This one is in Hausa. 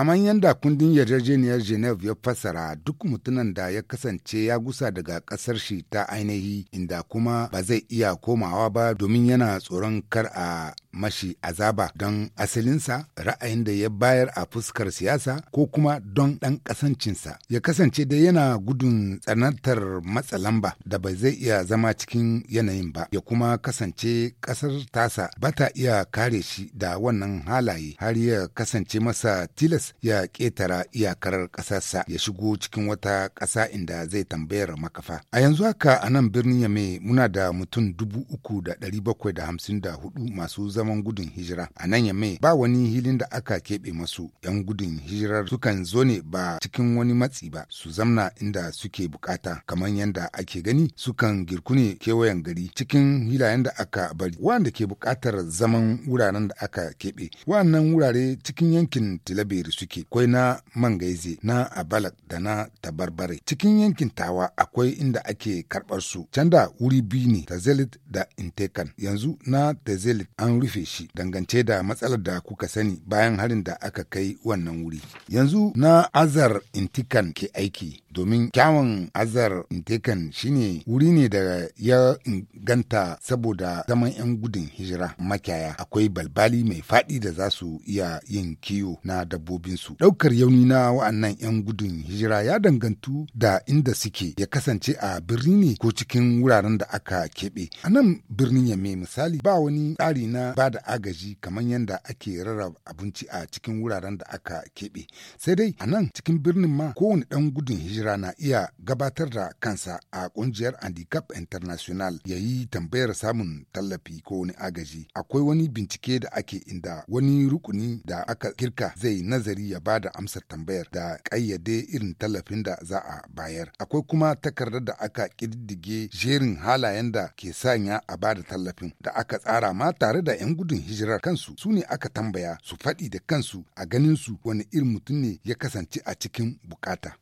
kamar yadda kundin yarjejeniyar geneve ya fassara duk mutumin da ya kasance ya gusa daga kasar shi ta ainihi inda kuma ba zai iya komawa ba domin yana tsoron kar a mashi azaba don asalinsa ra'ayin da ya bayar a fuskar siyasa ko kuma don ɗan ƙasancinsa ya kasance da yana gudun tsanantar matsa lamba da ba zai iya zama cikin yanayin ba ya kuma kasance ƙasar tasa ba ta iya kare shi da wannan halaye har ya kasance masa tilas ya ƙetara iyakar ƙasarsa ya shigo cikin wata ƙasa inda zai tambayar makafa a yanzu haka a nan birnin yame muna da mutum dubu uku da ɗari bakwai da hamsin da hudu masu zaman gudun hijira. A nan Yamme ba wani hilin da aka keɓe masu 'yan gudun hijirar sukan zo ne ba cikin wani matsi ba su zamna inda suke bukata kamar yadda ake gani sukan girku ne kewayen gari cikin hilayen da aka bari wanda ke buƙatar zaman wuraren da aka keɓe. Wannan wurare cikin yankin tilabiri suke kwai na Mangaize na Abalak da na Tabarbare. Cikin yankin Tawa akwai inda ake karɓar su can da wuri biyu ne Tazelit da Intekan yanzu na Tazelit an rufe rufe shi dangance da matsalar da kuka sani bayan harin da aka kai wannan wuri. Yanzu na azar intikan ke aiki domin kyawun azar intikan shine wuri ne da ya inganta saboda zaman 'yan gudun hijira makiyaya akwai balbali mai faɗi da za su iya yin kiwo na dabbobinsu. Ɗaukar yauni na wa'annan 'yan gudun hijira ya dangantu da inda suke ya kasance a birni ne ko cikin wuraren da aka keɓe. A nan birnin mai misali ba wani tsari na ba da agaji kamar yadda ake rarraba abinci a cikin wuraren da aka keɓe. Sai dai a nan cikin birnin ma kowane ɗan gudun hijira na iya gabatar da kansa a ƙungiyar Handicap International ya yi tambayar samun tallafi ko wani agaji. Akwai wani bincike da ake inda wani rukuni da aka kirka zai nazari ya ba da amsar tambayar da ƙayyade irin tallafin da za a bayar. Akwai kuma takardar da aka ƙididdige jerin halayen da ke sanya a ba da tallafin da aka tsara ma tare da 'yan 'yan gudun hijirar kansu su ne aka tambaya su faɗi da kansu a ganin su wani irin mutum ne ya kasance a cikin bukata.